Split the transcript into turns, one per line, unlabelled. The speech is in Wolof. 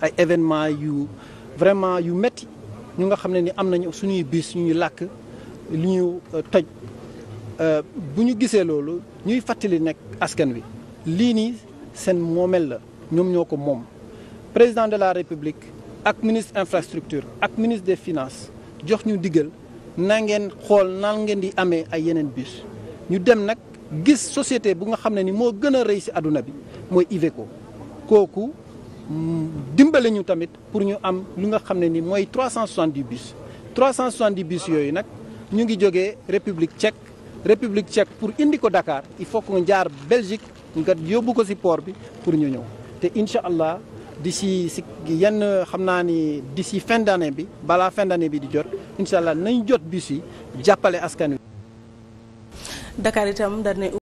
ay événement yu vraiment yu métti ñu nga xam ne ni am nañu suñuy bis ñu làkk li ñu toj euh, bu ñu gisee loolu ñuy fàttali nekk askan wi lii nii seen moomeel la ñoom ñoo ko moom président de la république ak ministre infrastructure ak ministre des finance jox ñu diggal na ngeen xool nan ngeen di amee ay yeneen bus ñu dem nag gis société bu nga xam ne ni moo gën a rëy si àdduna bi mooy Iveco kooku dimbale ñu tamit pour ñu am lu nga xam ne ni mooy 370 bus 370 bus yooyu nag ñu ngi jógee république tchèque république tchèque pour indi ko Dakar il faut que nga jaar Belgique nga yóbbu ko si port bi pour ñu ñëw te incha allah di si yenn xam naa ni d'ici fin d'année bi balaa fin d'année bi di jot incha allah nañ jot bus yi jàppale askan wi.
Dakar itam